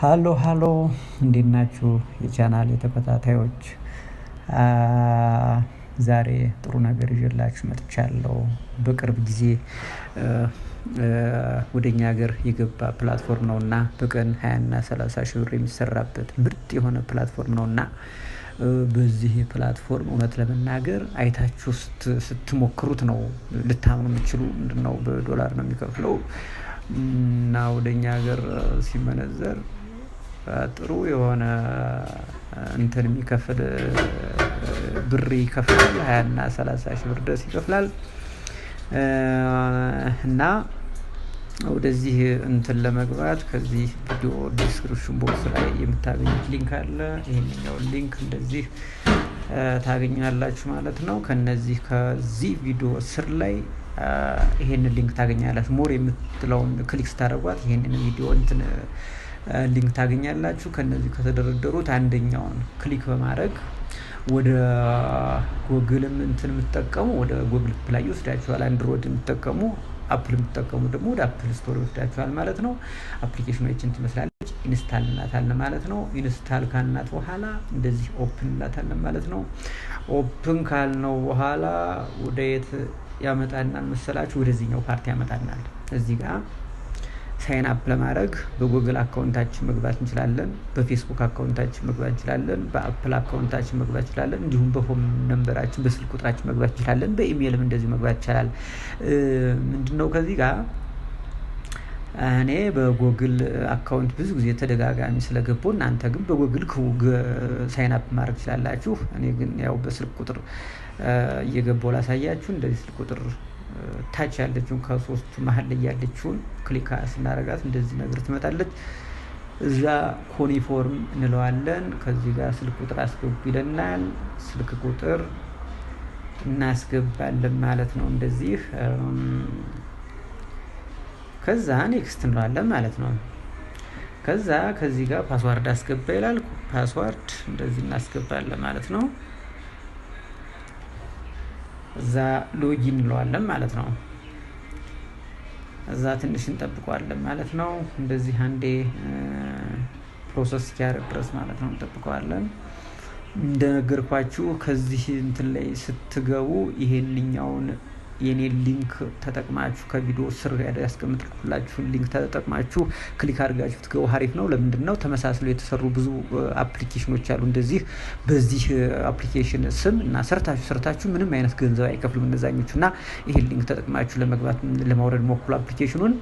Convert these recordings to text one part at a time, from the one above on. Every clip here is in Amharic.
ሀሎ ሀሎ እንዴት ናችሁ? የቻናል የተከታታዮች ዛሬ ጥሩ ነገር ይዤላችሁ መጥቻለሁ። በቅርብ ጊዜ ወደ እኛ ሀገር የገባ ፕላትፎርም ነው እና በቀን ሀያና ሰላሳ ሺ ብር የሚሰራበት ምርጥ የሆነ ፕላትፎርም ነው እና በዚህ ፕላትፎርም እውነት ለመናገር አይታችሁ ስትሞክሩት ነው ልታምኑ የምችሉ። ምንድነው በዶላር ነው የሚከፍለው እና ወደ እኛ ሀገር ሲመነዘር ጥሩ የሆነ እንትን የሚከፍል ብር ይከፍላል። ሀያና ሰላሳ ሺህ ብር ድረስ ይከፍላል እና ወደዚህ እንትን ለመግባት ከዚህ ቪዲዮ ዲስክሪፕሽን ቦክስ ላይ የምታገኙት ሊንክ አለ። ይህንኛው ሊንክ እንደዚህ ታገኛላችሁ ማለት ነው። ከነዚህ ከዚህ ቪዲዮ ስር ላይ ይሄንን ሊንክ ታገኛላችሁ። ሞር የምትለውን ክሊክ ስታደርጓት ይሄንን ቪዲዮ እንትን ሊንክ ታገኛላችሁ። ከነዚህ ከተደረደሩት አንደኛውን ክሊክ በማድረግ ወደ ጎግል እንትን የምትጠቀሙ ወደ ጎግል ፕላይ ይወስዳችኋል። አንድሮይድ የምትጠቀሙ አፕል የምትጠቀሙ ደግሞ ወደ አፕል ስቶር ይወስዳችኋል ማለት ነው። አፕሊኬሽኖችን ትመስላለች። ኢንስታል እንላታለን ማለት ነው። ኢንስታል ካልናት በኋላ እንደዚህ ኦፕን እንላታለን ማለት ነው። ኦፕን ካልነው በኋላ ወደ የት ያመጣናል መሰላችሁ? ወደዚህኛው ፓርቲ ያመጣናል እዚህ ጋር ሳይን አፕ ለማድረግ በጉግል አካውንታችን መግባት እንችላለን። በፌስቡክ አካውንታችን መግባት እንችላለን። በአፕል አካውንታችን መግባት እንችላለን። እንዲሁም በሆም ነንበራችን፣ በስልክ ቁጥራችን መግባት እንችላለን። በኢሜይልም እንደዚሁ መግባት ይቻላል። ምንድነው ከዚህ ጋር እኔ በጎግል አካውንት ብዙ ጊዜ ተደጋጋሚ ስለገባው እናንተ ግን በጎግል ሳይን አፕ ማድረግ ትችላላችሁ። እኔ ግን ያው በስልክ ቁጥር እየገባው ላሳያችሁ። እንደዚህ ስልክ ቁጥር ታች ያለችውን ከሶስቱ መሀል ላይ ያለችውን ክሊካ ስናረጋት እንደዚህ ነገር ትመጣለች። እዛ ኮኒፎርም እንለዋለን። ከዚህ ጋር ስልክ ቁጥር አስገቡ ይለናል። ስልክ ቁጥር እናስገባለን ማለት ነው። እንደዚህ ከዛ ኔክስት እንለዋለን ማለት ነው። ከዛ ከዚህ ጋር ፓስዋርድ አስገባ ይላል። ፓስዋርድ እንደዚህ እናስገባለን ማለት ነው። እዛ ሎጊን እንለዋለን ማለት ነው። እዛ ትንሽ እንጠብቀዋለን ማለት ነው። እንደዚህ አንዴ ፕሮሰስ እስኪያደርግ ድረስ ማለት ነው እንጠብቀዋለን። እንደነገርኳችሁ ከዚህ እንትን ላይ ስትገቡ ይሄንኛውን የኔ ሊንክ ተጠቅማችሁ ከቪዲዮ ስር ያስቀምጥኩላችሁን ሊንክ ተጠቅማችሁ ክሊክ አድርጋችሁ ትገቡ ሀሪፍ ነው። ለምንድን ነው ተመሳስሎ የተሰሩ ብዙ አፕሊኬሽኖች አሉ። እንደዚህ በዚህ አፕሊኬሽን ስም እና ሰርታችሁ ሰርታችሁ ምንም አይነት ገንዘብ አይከፍሉም እነዛኞቹ እና ይሄን ሊንክ ተጠቅማችሁ ለመግባት ለማውረድ ሞክሉ አፕሊኬሽኑን።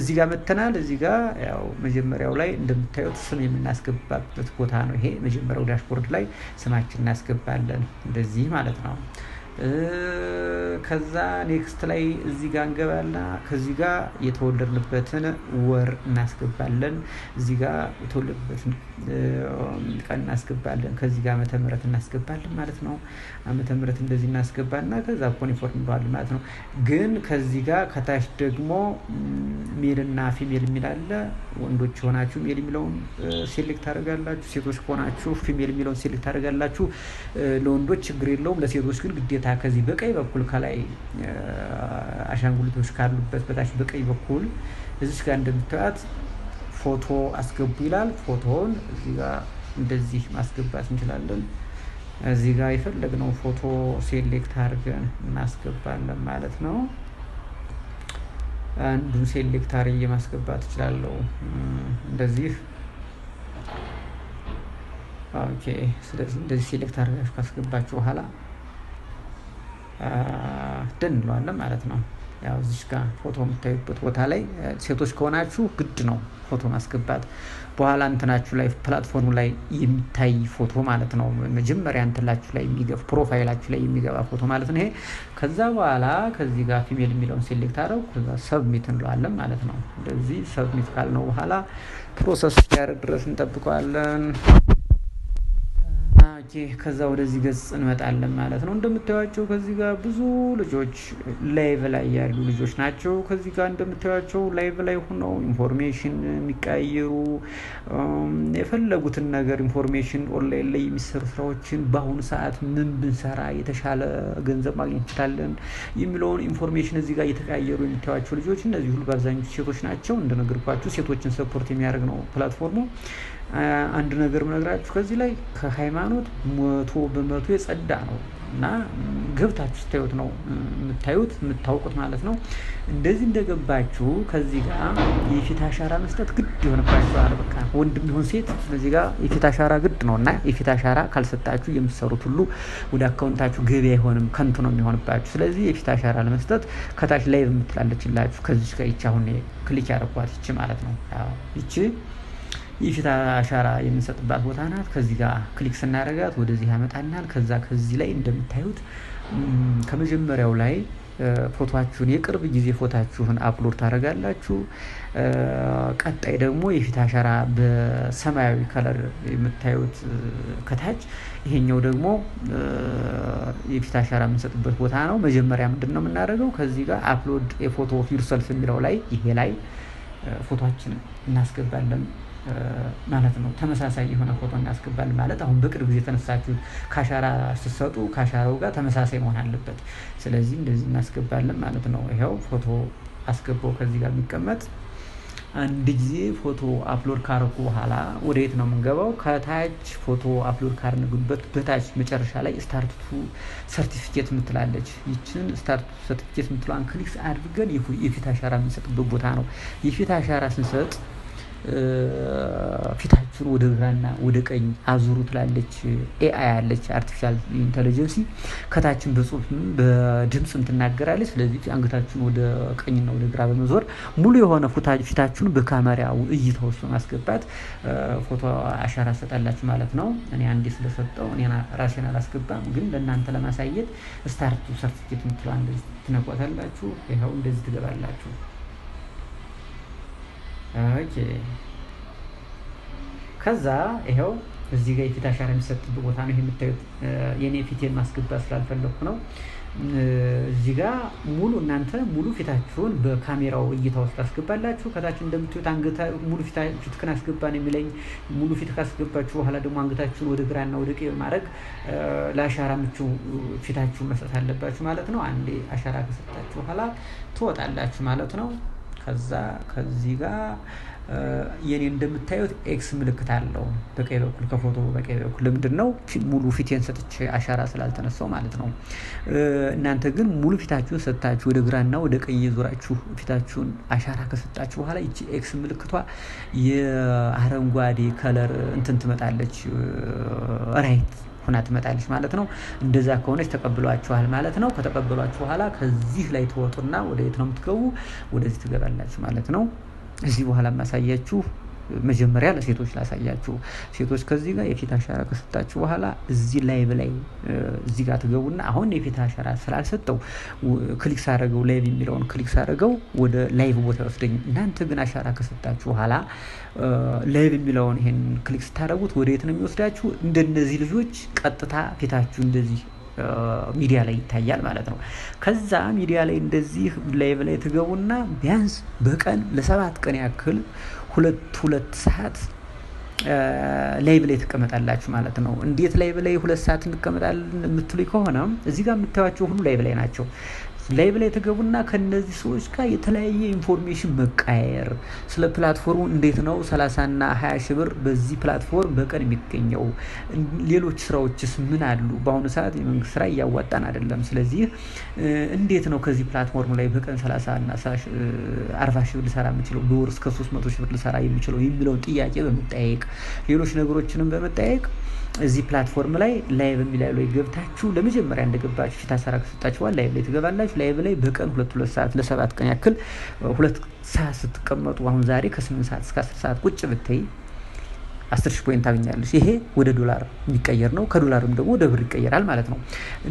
እዚህ ጋር መጥተናል። እዚህ ጋር ያው መጀመሪያው ላይ እንደምታዩት ስም የምናስገባበት ቦታ ነው። ይሄ መጀመሪያው ዳሽቦርድ ላይ ስማችን እናስገባለን እንደዚህ ማለት ነው። ከዛ ኔክስት ላይ እዚህ ጋር እንገባና ከዚህ ጋር የተወለድንበትን ወር እናስገባለን። እዚህ ጋር የተወለድንበትን ቀን እናስገባለን። ከዚህ ጋር ዓመተ ምሕረት እናስገባለን ማለት ነው። ዓመተ ምሕረት እንደዚህ እናስገባና ከዛ ኮንፎርም እንለዋለን ማለት ነው። ግን ከዚህ ጋር ከታች ደግሞ ሜልና ፊሜል የሚል አለ። ወንዶች ሆናችሁ ሜል የሚለውን ሴሌክት ታደርጋላችሁ። ሴቶች ከሆናችሁ ፊሜል የሚለውን ሴሌክት ታደርጋላችሁ። ለወንዶች ችግር የለውም፣ ለሴቶች ግን ግዴታ ሁኔታ ከዚህ በቀኝ በኩል ከላይ አሻንጉሊቶች ካሉበት በታች በቀኝ በኩል እዚች ጋር እንደምታዩት ፎቶ አስገቡ ይላል። ፎቶውን እዚህ ጋር እንደዚህ ማስገባት እንችላለን። እዚህ ጋር የፈለግነው ፎቶ ሴሌክት አድርገን እናስገባለን ማለት ነው። አንዱን ሴሌክት አድርጌ ማስገባት እችላለሁ እንደዚህ ኦኬ። ስለዚህ እንደዚህ ሴሌክት አድርጋችሁ ካስገባችሁ በኋላ ደን እንለዋለን ማለት ነው። ያው እዚህ ጋር ፎቶ የምታዩበት ቦታ ላይ ሴቶች ከሆናችሁ ግድ ነው ፎቶ ማስገባት። በኋላ እንትናችሁ ላይ ፕላትፎርሙ ላይ የሚታይ ፎቶ ማለት ነው። መጀመሪያ እንትላችሁ ላይ የሚገባ ፕሮፋይላችሁ ላይ የሚገባ ፎቶ ማለት ነው ይሄ። ከዛ በኋላ ከዚህ ጋር ፊሜል የሚለውን ሴሌክት አረው ከዛ ሰብሚት እንለዋለን ማለት ነው። እንደዚህ ሰብሚት ካልነው በኋላ ፕሮሰስ እስኪያደርግ ድረስ እንጠብቀዋለን። አድርጌ ከዛ ወደዚህ ገጽ እንመጣለን ማለት ነው። እንደምታዩቸው ከዚህ ጋር ብዙ ልጆች ላይቭ ላይ ያሉ ልጆች ናቸው። ከዚህ ጋር እንደምታዩቸው ላይቭ ላይ ሆነው ኢንፎርሜሽን የሚቀያየሩ የፈለጉትን ነገር ኢንፎርሜሽን ኦንላይን ላይ የሚሰሩ ስራዎችን በአሁኑ ሰዓት ምን ብንሰራ የተሻለ ገንዘብ ማግኘት እንችላለን የሚለውን ኢንፎርሜሽን እዚህ ጋር እየተቀያየሩ የሚታያቸው ልጆች እነዚህ ሁሉ በአብዛኞቹ ሴቶች ናቸው። እንደነገርኳችሁ ሴቶችን ሰፖርት የሚያደርግ ነው ፕላትፎርሙ። አንድ ነገር ምነግራችሁ ከዚህ ላይ ከሃይማኖት መቶ በመቶ የጸዳ ነው እና ገብታችሁ ስታዩት ነው የምታዩት የምታውቁት ማለት ነው። እንደዚህ እንደገባችሁ ከዚህ ጋር የፊት አሻራ መስጠት ግድ ይሆንባችኋል። በቃ ወንድም ይሁን ሴት ስለዚህ ጋር የፊት አሻራ ግድ ነው እና የፊት አሻራ ካልሰጣችሁ የምትሰሩት ሁሉ ወደ አካውንታችሁ ገቢ አይሆንም፣ ከንቱ ነው የሚሆንባችሁ። ስለዚህ የፊት አሻራ ለመስጠት ከታች ላይ የምትላለችላችሁ ከዚች ጋር ይቻ አሁን ክሊክ ያደረጓት ይቺ ማለት ነው ይቺ የፊት አሻራ የምንሰጥባት ቦታ ናት። ከዚህ ጋር ክሊክ ስናደርጋት ወደዚህ ያመጣናል። ከዛ ከዚህ ላይ እንደምታዩት ከመጀመሪያው ላይ ፎቶችሁን የቅርብ ጊዜ ፎታችሁን አፕሎድ ታደርጋላችሁ። ቀጣይ ደግሞ የፊት አሻራ በሰማያዊ ከለር የምታዩት ከታች፣ ይሄኛው ደግሞ የፊት አሻራ የምንሰጥበት ቦታ ነው። መጀመሪያ ምንድን ነው የምናደርገው? ከዚህ ጋር አፕሎድ የፎቶ ዩርሰልፍ የሚለው ላይ ይሄ ላይ ፎቶችን እናስገባለን። ማለት ነው። ተመሳሳይ የሆነ ፎቶ እናስገባል ማለት አሁን በቅርብ ጊዜ የተነሳችሁ ካሻራ ስትሰጡ ካሻራው ጋር ተመሳሳይ መሆን አለበት። ስለዚህ እንደዚህ እናስገባለን ማለት ነው። ይኸው ፎቶ አስገባው ከዚህ ጋር የሚቀመጥ አንድ ጊዜ ፎቶ አፕሎድ ካረኩ በኋላ ወደ የት ነው የምንገባው? ከታች ፎቶ አፕሎድ ካርንግበት በታች መጨረሻ ላይ ስታርቱ ሰርቲፊኬት ምትላለች። ይችን ስታርቱ ሰርቲፊኬት ምትለዋን ክሊክስ አድርገን የፊት አሻራ የምንሰጥበት ቦታ ነው። የፊት አሻራ ስንሰጥ ፊታችን ወደ ግራና ወደ ቀኝ አዙሩ ትላለች ኤአይ አለች አርቲፊሻል ኢንቴሊጀንሲ ከታችን በጽሁፍ በድምፅም ትናገራለች። ስለዚህ አንገታችን ወደ ቀኝና ወደ ግራ በመዞር ሙሉ የሆነ ፊታችን በካሜራ እይታ ውስጥ በማስገባት ፎቶ አሻራ ሰጣላችሁ ማለት ነው። እኔ አንዴ ስለሰጠው እኔ ራሴን አላስገባም፣ ግን ለእናንተ ለማሳየት ስታርቱ ሰርቲፊኬት የምትለው እንደዚህ ይኸው እንደዚህ ትገባላችሁ። ኦኬ ከዛ ይኸው እዚህ ጋር የፊት አሻራ የሚሰጥበት ቦታ ነው። የምታዩት የእኔ ፊቴን ማስገባት ስላልፈለኩ ነው። እዚህ ጋር ሙሉ እናንተ ሙሉ ፊታችሁን በካሜራው እይታ ውስጥ አስገባላችሁ። ከታች እንደምታዩት አንገታ ሙሉ ፊትክን አስገባ ነው የሚለኝ። ሙሉ ፊት ካስገባችሁ በኋላ ደግሞ አንገታችሁን ወደ ግራና ወደ ቀኝ በማድረግ ለአሻራ ምቹ ፊታችሁን መስጠት አለባችሁ ማለት ነው። አንዴ አሻራ ከሰጣችሁ በኋላ ትወጣላችሁ ማለት ነው። ከዛ ከዚህ ጋር የኔ እንደምታዩት ኤክስ ምልክት አለው በቀኝ በኩል ከፎቶ በቀኝ በኩል ለምንድን ነው ሙሉ ፊቴን ሰጥቼ አሻራ ስላልተነሳው ማለት ነው። እናንተ ግን ሙሉ ፊታችሁን ሰጥታችሁ ወደ ግራና ወደ ቀኝ ዙራችሁ ፊታችሁን አሻራ ከሰጣችሁ በኋላ ይቺ ኤክስ ምልክቷ የአረንጓዴ ከለር እንትን ትመጣለች ራይት ሁና ትመጣለች ማለት ነው። እንደዛ ከሆነች ተቀብሏችኋል ማለት ነው። ከተቀበሏችሁ በኋላ ከዚህ ላይ ትወጡና ወደ የት ነው የምትገቡ? ወደዚህ ትገባላችሁ ማለት ነው። እዚህ በኋላ ማሳያችሁ መጀመሪያ ለሴቶች ላሳያችሁ። ሴቶች ከዚህ ጋር የፊት አሻራ ከሰጣችሁ በኋላ እዚህ ላይ ላይ እዚህ ጋር ትገቡና አሁን የፊት አሻራ ስላልሰጠው ክሊክ ሳረገው ላይቭ የሚለውን ክሊክ ሳረገው ወደ ላይቭ ቦታ ይወስደኝ። እናንተ ግን አሻራ ከሰጣችሁ በኋላ ላይቭ የሚለውን ይሄን ክሊክ ስታደረጉት ወደ የት ነው የሚወስዳችሁ? እንደነዚህ ልጆች ቀጥታ ፊታችሁ እንደዚህ ሚዲያ ላይ ይታያል ማለት ነው። ከዛ ሚዲያ ላይ እንደዚህ ላይቭ ላይ ትገቡና ቢያንስ በቀን ለሰባት ቀን ያክል ሁለት ሁለት ሰዓት ላይቭ ላይ ትቀመጣላችሁ ማለት ነው። እንዴት ላይቭ ላይ ሁለት ሰዓት እንቀመጣለን የምትሉ ከሆነ እዚህ ጋር የምታዩቸው ሁሉ ላይቭ ላይ ናቸው። ላይቭ ላይ ተገቡና ከነዚህ ሰዎች ጋር የተለያየ ኢንፎርሜሽን መቃየር ስለ ፕላትፎርሙ እንዴት ነው 30 እና 20 ሺህ ብር በዚህ ፕላትፎርም በቀን የሚገኘው ሌሎች ስራዎችስ ምን አሉ በአሁኑ ሰዓት የመንግስት ስራ እያዋጣን አይደለም ስለዚህ እንዴት ነው ከዚህ ፕላትፎርም ላይ በቀን 30 እና 40 ሺህ ብር ልሰራ የምችለው በወር እስከ 300 ሺህ ብር ልሰራ የምችለው የሚለውን ጥያቄ በመጠያየቅ ሌሎች ነገሮችንም በመጠያየቅ እዚህ ፕላትፎርም ላይ ላይቭ የሚላይ ገብታችሁ ለመጀመሪያ እንደገባችሁ ሽታ ሰራ ከሰጣችኋል ላይቭ ላይ ትገባላችሁ ላይ በላይ በቀን ሁለት ሁለት ሰዓት ለሰባት ቀን ያክል ሁለት ሰዓት ስትቀመጡ አሁን ዛሬ ከስምንት ሰዓት እስከ አስር ሰዓት ቁጭ ብትይ አስር ሺህ ፖይንት ታገኛለች። ይሄ ወደ ዶላር የሚቀየር ነው። ከዶላርም ደግሞ ወደ ብር ይቀየራል ማለት ነው።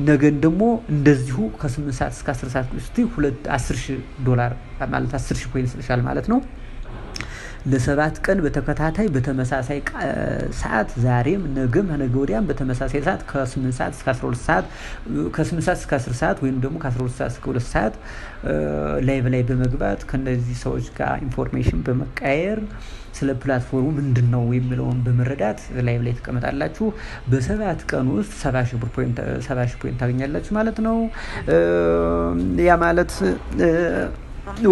ነገን ደግሞ እንደዚሁ ከስምንት ሰዓት እስከ አስር ሰዓት ቁጭ ስትይ ሁለት አስር ሺህ ዶላር ማለት አስር ሺህ ፖይንት ስልሻል ማለት ነው። ለሰባት ቀን በተከታታይ በተመሳሳይ ሰዓት ዛሬም፣ ነገም፣ ነገ ወዲያም በተመሳሳይ ሰዓት ከ8 ሰዓት እስከ 12 ሰዓት ከ8 ሰዓት እስከ 10 ሰዓት ወይም ደግሞ ከ12 ሰዓት እስከ 2 ሰዓት ላይ በላይ በመግባት ከነዚህ ሰዎች ጋር ኢንፎርሜሽን በመቃየር ስለ ፕላትፎርሙ ምንድን ነው የሚለውን በመረዳት ላይ ላይ ትቀመጣላችሁ። በሰባት ቀን ውስጥ ሰባ ሺህ ፖይንት ታገኛላችሁ ማለት ነው። ያ ማለት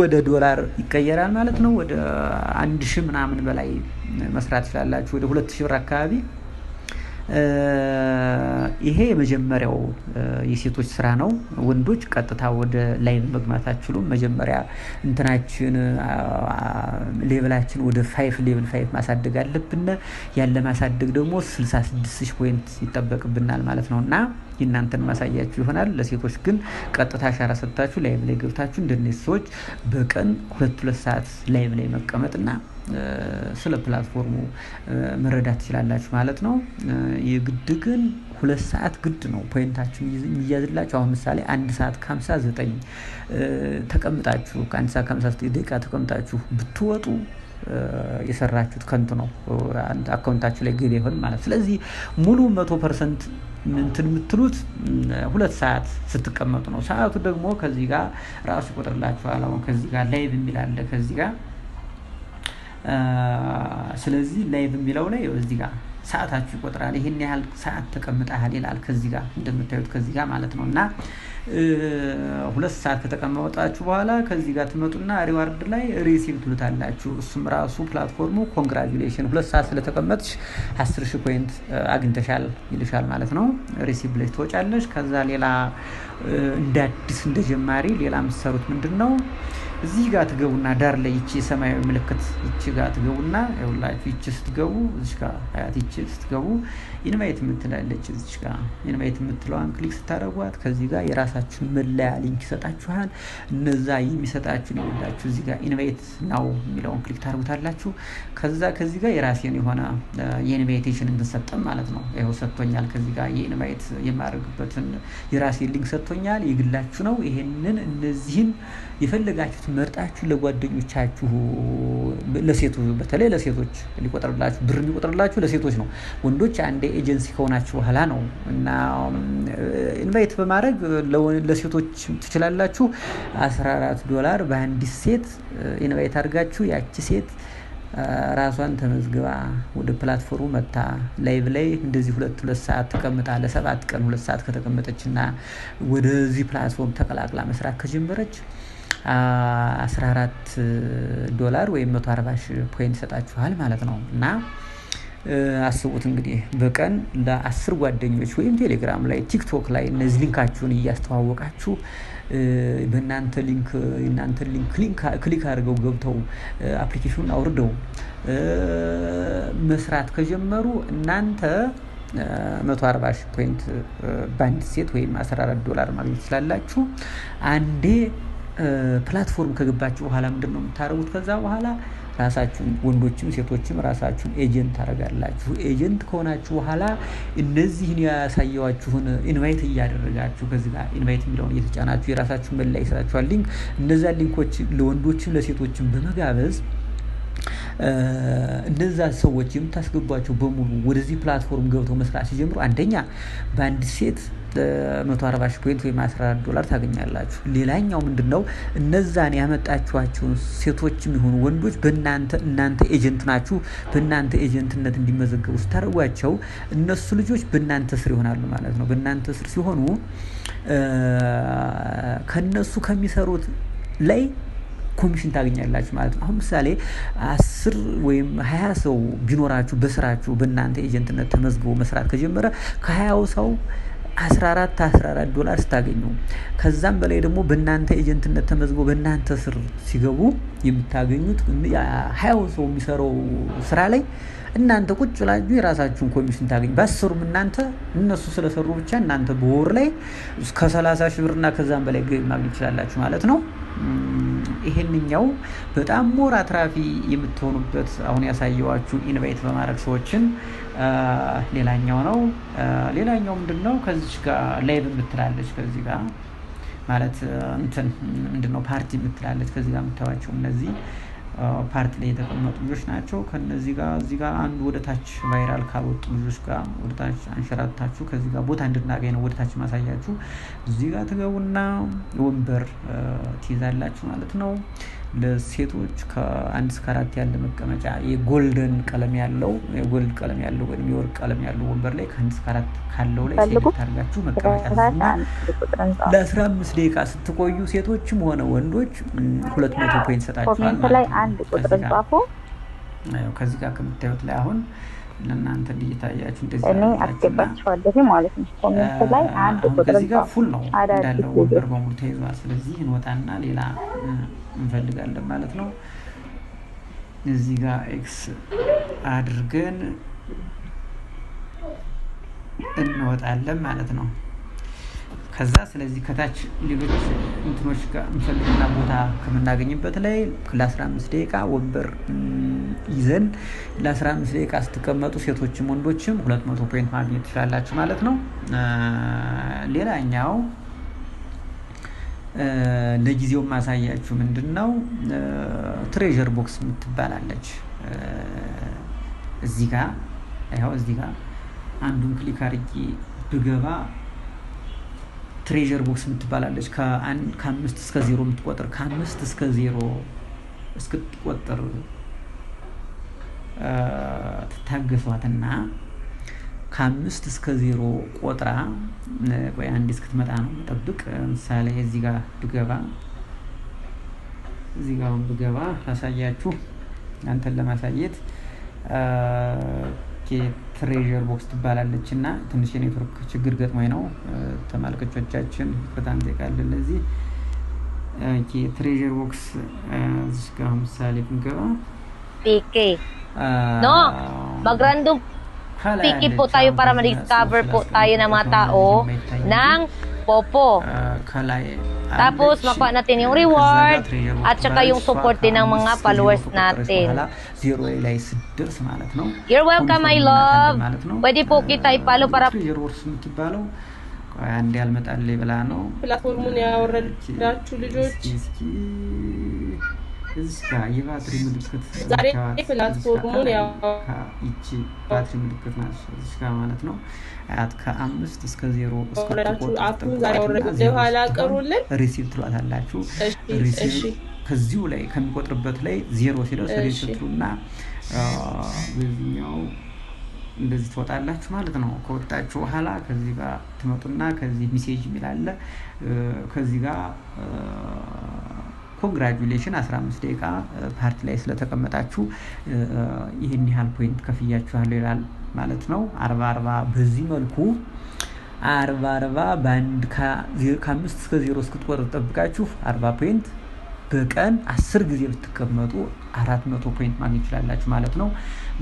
ወደ ዶላር ይቀየራል ማለት ነው። ወደ አንድ ሺህ ምናምን በላይ መስራት ይችላላችሁ። ወደ ሁለት ሺህ ብር አካባቢ ይሄ የመጀመሪያው የሴቶች ስራ ነው። ወንዶች ቀጥታ ወደ ላይ መግባት አችሉም። መጀመሪያ እንትናችን ሌብላችን ወደ ፋይፍ ሌብል ፋይፍ ማሳደግ አለብን። ያለ ማሳደግ ደግሞ 66 ሺህ ፖይንት ይጠበቅብናል ማለት ነው እና የእናንተን ማሳያችሁ ይሆናል። ለሴቶች ግን ቀጥታ አሻራ ሰጥታችሁ ላይ ላይ ገብታችሁ እንደነዚህ ሰዎች በቀን ሁለት ሁለት ሰዓት ላይ ላይ መቀመጥና ስለ ፕላትፎርሙ መረዳት ትችላላችሁ ማለት ነው። የግድ ግን ሁለት ሰዓት ግድ ነው ፖይንታችሁን የሚያዝላችሁ። አሁን ምሳሌ አንድ ሰዓት ከሀምሳ ዘጠኝ ተቀምጣችሁ ከአንድ ሰዓት ከሀምሳ ዘጠኝ ደቂቃ ተቀምጣችሁ ብትወጡ የሰራችሁት ከንቱ ነው። አካውንታችሁ ላይ ገቢ ይሆን ማለት ስለዚህ ሙሉ መቶ ፐርሰንት እንትን የምትሉት ሁለት ሰዓት ስትቀመጡ ነው። ሰዓቱ ደግሞ ከዚህ ጋር ራሱ ይቆጥርላችኋል። አሁን ከዚህ ጋር ላይቭ የሚላለ ከዚህ ጋር ስለዚህ ላይቭ የሚለው ላይ እዚህ ጋር ሰዓታችሁ ይቆጥራል። ይህን ያህል ሰዓት ተቀምጠሃል ይላል። ከዚህ ጋር እንደምታዩት ከዚህ ጋር ማለት ነው እና ሁለት ሰዓት ከተቀመጣችሁ በኋላ ከዚህ ጋር ትመጡና ሪዋርድ ላይ ሪሲቭ ትሉታላችሁ። እሱም ራሱ ፕላትፎርሙ ኮንግራጁሌሽን ሁለት ሰዓት ስለተቀመጥሽ አስር ሺህ ፖይንት አግኝተሻል ይልሻል ማለት ነው። ሪሲቭ ብለሽ ትወጫለሽ። ከዛ ሌላ እንደ አዲስ እንደ ጀማሪ ሌላ የምትሰሩት ምንድን ነው እዚህ ጋር ትገቡና ዳር ላይ ይቺ የሰማያዊ ምልክት ይቺ ጋር ትገቡና ይሁላችሁ ይቺ ስትገቡ እዚህ ጋር ሀያት ይቺ ስትገቡ ኢንቫይት የምትላለች እዚች ጋር ኢንቫይት የምትለዋን ክሊክ ስታደረጓት ከዚህ ጋር የራሳችሁን መለያ ሊንክ ይሰጣችኋል። እነዛ የሚሰጣችሁን ይወዳችሁ እዚህ ጋር ኢንቫይት ናው የሚለውን ክሊክ ታደርጉታላችሁ። ከዛ ከዚህ ጋር የራሴን የሆነ የኢንቫይቴሽን እንትን ሰጠን ማለት ነው። ይኸው ሰጥቶኛል። ከዚህ ጋር የኢንቫይት የማደርግበትን የራሴን ሊንክ ሰጥቶኛል። የግላችሁ ነው። ይሄንን እነዚህን የፈለጋችሁት መርጣችሁ ለጓደኞቻችሁ ለሴቱ በተለይ ለሴቶች ሊቆጥርላችሁ ብር የሚቆጥርላችሁ ለሴቶች ነው። ወንዶች አንዴ ኤጀንሲ ከሆናችሁ በኋላ ነው እና ኢንቫይት በማድረግ ለሴቶች ትችላላችሁ። 14 ዶላር በአንዲት ሴት ኢንቫይት አድርጋችሁ ያቺ ሴት ራሷን ተመዝግባ ወደ ፕላትፎርሙ መታ ላይቭ ላይ እንደዚህ ሁለት ሁለት ሰዓት ተቀምጣ ለሰባት ቀን ሁለት ሰዓት ከተቀመጠችና ወደዚህ ፕላትፎርም ተቀላቅላ መስራት ከጀመረች 14 ዶላር ወይም 140 ፖይንት ይሰጣችኋል ማለት ነው እና አስቡት እንግዲህ በቀን ለአስር ጓደኞች ወይም ቴሌግራም ላይ ቲክቶክ ላይ እነዚህ ሊንካችሁን እያስተዋወቃችሁ በእናንተ ሊንክ ሊንክ ክሊክ አድርገው ገብተው አፕሊኬሽኑን አውርደው መስራት ከጀመሩ እናንተ 140 ሺህ ፖይንት በአንድ ሴት ወይም 14 ዶላር ማግኘት ትችላላችሁ። አንዴ ፕላትፎርም ከገባችሁ በኋላ ምንድን ነው የምታደርጉት? ከዛ በኋላ ራሳችሁን ወንዶችም ሴቶችም ራሳችሁን ኤጀንት ታደርጋላችሁ። ኤጀንት ከሆናችሁ በኋላ እነዚህን ያሳየዋችሁን ኢንቫይት እያደረጋችሁ ከዚህ ጋር ኢንቫይት የሚለውን እየተጫናችሁ የራሳችሁን መላ ይሰጣችኋል ሊንክ። እነዚያ ሊንኮች ለወንዶችም ለሴቶችም በመጋበዝ እነዛ ሰዎች የምታስገቧቸው በሙሉ ወደዚህ ፕላትፎርም ገብተው መስራት ሲጀምሩ አንደኛ በአንድ ሴት 140 ሺህ ፖይንት ወይም 14 ዶላር ታገኛላችሁ። ሌላኛው ምንድን ነው? እነዛን ያመጣችኋቸውን ሴቶች የሚሆኑ ወንዶች በእናንተ እናንተ ኤጀንት ናችሁ። በእናንተ ኤጀንትነት እንዲመዘገቡ ስታደርጓቸው እነሱ ልጆች በእናንተ ስር ይሆናሉ ማለት ነው። በእናንተ ስር ሲሆኑ ከነሱ ከሚሰሩት ላይ ኮሚሽን ታገኛላችሁ ማለት ነው። አሁን ምሳሌ አስር ወይም ሀያ ሰው ቢኖራችሁ በስራችሁ በእናንተ ኤጀንትነት ተመዝግቦ መስራት ከጀመረ ከሀያው ሰው 14 14 ዶላር ስታገኙ ከዛም በላይ ደግሞ በእናንተ ኤጀንትነት ተመዝግቦ በእናንተ ስር ሲገቡ የምታገኙት ሀያው ሰው የሚሰራው ስራ ላይ እናንተ ቁጭ ብላችሁ የራሳችሁን ኮሚሽን ታገኝ። በአስሩም እናንተ እነሱ ስለሰሩ ብቻ እናንተ በወር ላይ ከሰላሳ 30 ሺህ ብርና ከዛም በላይ ገቢ ማግኘት ይችላላችሁ ማለት ነው። ይሄንኛው በጣም ሞር አትራፊ የምትሆኑበት አሁን ያሳየዋችሁ ኢንቫይት በማድረግ ሰዎችን ሌላኛው ነው። ሌላኛው ምንድን ነው? ከዚች ጋር ላይቭ የምትላለች ከዚህ ጋር ማለት እንትን ምንድን ነው ፓርቲ የምትላለች ከዚህ ጋር የምታዩዋቸው እነዚህ ፓርት ላይ የተቀመጡ ልጆች ናቸው። ከነዚህ ጋር እዚህ ጋር አንዱ ወደታች ቫይራል ካልወጡ ልጆች ጋር ወደታች አንሸራታችሁ ከዚህ ጋር ቦታ እንድናገኝ ነው ወደታች ማሳያችሁ። እዚህ ጋር ትገቡና ወንበር ትይዛላችሁ ማለት ነው። ለሴቶች ከአንድ እስከ አራት ያለ መቀመጫ የጎልደን ቀለም ያለው የጎልድ ቀለም ያለው ወይም የወርቅ ቀለም ያለው ወንበር ላይ ከአንድ እስከ አራት ካለው ላይ ሴሌክት አድርጋችሁ መቀመጫ ለአስራ አምስት ደቂቃ ስትቆዩ ሴቶችም ሆነ ወንዶች ሁለት መቶ ፖይንት ሰጣችኋል ማለት ነው። ከዚህ ጋር ከምታዩት ላይ አሁን ለእናንተ እንዲታያችሁ እንደዚህ እኔ አስገባችኋለሁ ማለት ነው። ኮሜንት ላይ አንድ ቁጥር እዚህ ጋር ፉል ነው እንዳለው ወንበር በሙሉ ተይዟል። ስለዚህ እንወጣና ሌላ እንፈልጋለን ማለት ነው። እዚህ ጋር ኤክስ አድርገን እንወጣለን ማለት ነው። ከዛ ስለዚህ ከታች ሌሎች እንትኖች ጋር ቦታ ከምናገኝበት ላይ ለ15 ደቂቃ ወንበር ይዘን ለ15 ደቂቃ ስትቀመጡ ሴቶችም ወንዶችም 200 ፖይንት ማግኘት ትችላላችሁ ማለት ነው። ሌላኛው ለጊዜው ማሳያችሁ ምንድን ነው ትሬዠር ቦክስ የምትባላለች እዚህ ጋ ይኸው እዚህ አንዱን ክሊክ አድርጌ ብገባ ትሬዠር ቦክስ የምትባላለች ከአምስት እስከ ዜሮ የምትቆጥር ከአምስት እስከ ዜሮ እስክትቆጥር ትታገሷትና ከአምስት እስከ ዜሮ ቆጥራ ቆይ አንድ እስክትመጣ ነው መጠብቅ። ምሳሌ እዚህ ጋር ብገባ እዚህ ጋር ብገባ ላሳያችሁ አንተን ለማሳየት ትሬዠር ቦክስ ትባላለች እና ትንሽ የኔትወርክ ችግር ገጥሞኝ ነው። ተመልካቾቻችን በጣም ጠቃል። ለዚህ ትሬዠር ቦክስ እዚጋ ምሳሌ ብንገባ PK. No, mag-random ፖታዩ po tayo Popo. Uh, kalay, Tapos, makuha natin yung reward at saka yung support din ng mga followers natin. You're welcome, my love. Pwede po kita ipalo para... አንድ ያልመጣል ብላ ነው ፕላትፎርሙን ያወረዳችሁ ልጆች የባትሪ ምልክት ዛሬ ባትሪ ምልክት ናት። እዚህ ጋር ማለት ነው አያት ከአምስት እስከ ዜሮ ኋላ ሪሲቭ ትሏታላችሁ። ከዚሁ ላይ ከሚቆጥርበት ላይ ዜሮ ሲደርስ ሪሲቭ ትሉና በዚህኛው እንደዚህ ትወጣላችሁ ማለት ነው። ከወጣችሁ በኋላ ከዚህ ጋር ትመጡና ከዚህ ሚሴጅ የሚላለ ከዚህ ጋር ኮንግራጁሌሽን 15 ደቂቃ ፓርቲ ላይ ስለተቀመጣችሁ ይህን ያህል ፖይንት ከፍያችኋለሁ ይላል ማለት ነው። አርባ አርባ በዚህ መልኩ አርባ አርባ በአንድ ከአምስት እስከ ዜሮ እስክትቆጥር ጠብቃችሁ አርባ ፖይንት በቀን አስር ጊዜ ብትቀመጡ አራት መቶ ፖይንት ማግኘት ይችላላችሁ ማለት ነው።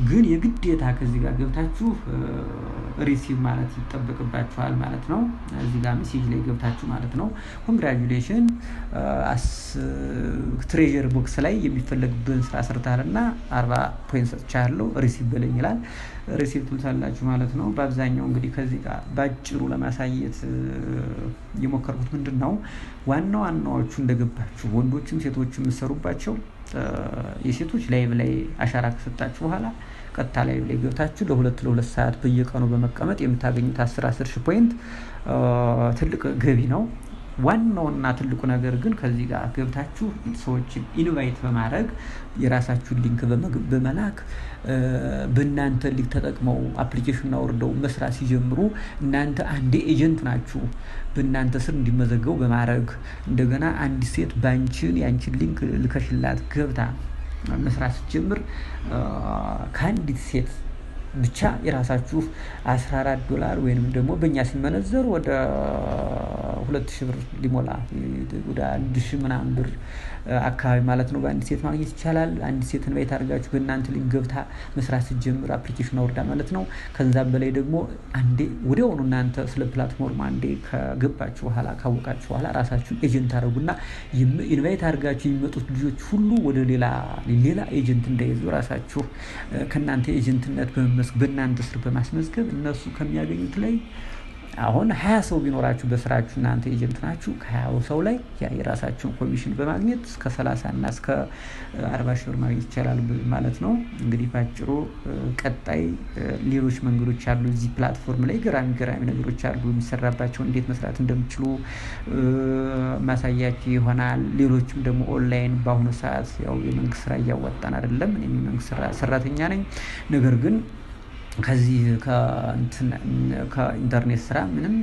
ግን የግዴታ ከዚህ ጋር ገብታችሁ ሪሲቭ ማለት ይጠበቅባችኋል ማለት ነው። እዚህ ጋር ሜሴጅ ላይ ገብታችሁ ማለት ነው። ኮንግራጁሌሽን ትሬዥር ቦክስ ላይ የሚፈለግብን ስራ ሰርታል እና አርባ ፖይንት ሰጥቻለሁ ሪሲቭ በለኝ ይላል። ሪሲቭ ትሉታላችሁ ማለት ነው። በአብዛኛው እንግዲህ ከዚህ ጋር በአጭሩ ለማሳየት የሞከርኩት ምንድን ነው ዋና ዋናዎቹ እንደገባችሁ ወንዶችም ሴቶችም የምሰሩባቸው የሴቶች ላይቭ ላይ አሻራ ከሰጣችሁ በኋላ ቀጥታ ላይቭ ላይ ገብታችሁ ለሁለት ለሁለት ሰዓት በየቀኑ በመቀመጥ የምታገኙት አስር አስር ሺ ፖይንት ትልቅ ገቢ ነው። ዋናውና ትልቁ ነገር ግን ከዚህ ጋር ገብታችሁ ሰዎችን ኢንቫይት በማድረግ የራሳችሁን ሊንክ በመላክ በእናንተ ሊግ ተጠቅመው አፕሊኬሽን አውርደው መስራት ሲጀምሩ እናንተ አንድ ኤጀንት ናችሁ። በእናንተ ስር እንዲመዘገቡ በማድረግ እንደገና አንድ ሴት ባንችን ያንችን ሊንክ ልከሽላት ገብታ መስራት ስትጀምር ከአንዲት ሴት ብቻ የራሳችሁ 14 ዶላር ወይንም ደግሞ በእኛ ሲመነዘር ወደ ሁለት ሺህ ብር ሊሞላ ወደ አንድ ሺህ ምናምን ብር አካባቢ ማለት ነው በአንድ ሴት ማግኘት ይቻላል። አንድ ሴት ኢንቫይት አድርጋችሁ በእናንተ ሊንክ ገብታ መስራት ስትጀምር አፕሊኬሽን አውርዳ ማለት ነው። ከዛም በላይ ደግሞ አንዴ ወዲያውኑ እናንተ ስለ ፕላትፎርም አንዴ ከገባችሁ በኋላ ካወቃችሁ በኋላ ራሳችሁን ኤጀንት አድርጉና ኢንቫይት አድርጋችሁ የሚመጡት ልጆች ሁሉ ወደ ሌላ ሌላ ኤጀንት እንዳይዙ ራሳችሁ ከእናንተ ኤጀንትነት በመመስ በእናንተ ስር በማስመዝገብ እነሱ ከሚያገኙት ላይ አሁን ሀያ ሰው ቢኖራችሁ በስራችሁ እናንተ ኤጀንት ናችሁ። ከሀያው ሰው ላይ የራሳችሁን ኮሚሽን በማግኘት እስከ ሰላሳ እና እስከ አርባ ሺህ ብር ማግኘት ይቻላል ማለት ነው። እንግዲህ ባጭሩ ቀጣይ ሌሎች መንገዶች አሉ። እዚህ ፕላትፎርም ላይ ገራሚ ገራሚ ነገሮች አሉ። የሚሰራባቸው እንዴት መስራት እንደምችሉ ማሳያቸው ይሆናል። ሌሎችም ደግሞ ኦንላይን በአሁኑ ሰዓት ያው የመንግስት ስራ እያዋጣን አይደለም። እኔ መንግስት ሰራተኛ ነኝ። ነገር ግን ከዚህ ከኢንተርኔት ስራ ምንም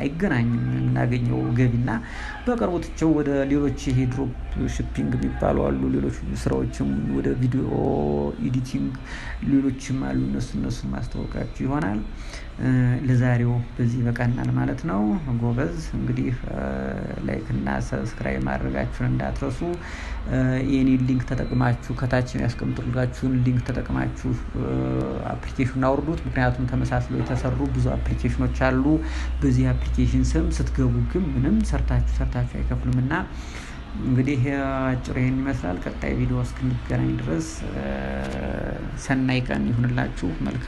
አይገናኝም የምናገኘው ገቢና በቅርቡ ትቸው ወደ ሌሎች ይሄ ድሮፕ ሽፒንግ የሚባሉ አሉ፣ ሌሎች ስራዎችም ወደ ቪዲዮ ኤዲቲንግ ሌሎችም አሉ። እነሱ እነሱ ማስተዋወቃችሁ ይሆናል። ለዛሬው በዚህ ይበቃናል ማለት ነው። ጎበዝ እንግዲህ ላይክ እና ሰብስክራይብ ማድረጋችሁን እንዳትረሱ። የኔ ሊንክ ተጠቅማችሁ ከታች የሚያስቀምጡላችሁን ሊንክ ተጠቅማችሁ አፕሊኬሽን አውርዱት። ምክንያቱም ተመሳስሎ የተሰሩ ብዙ አፕሊኬሽኖች አሉ። በዚህ አፕሊኬሽን ስም ስትገቡ ግን ምንም ሰርታችሁ ሰርታችሁ አይከፍሉም እና እንግዲህ አጭሩ ይህን ይመስላል። ቀጣይ ቪዲዮ እስክንገናኝ ድረስ ሰናይ ቀን ይሁንላችሁ። መልካም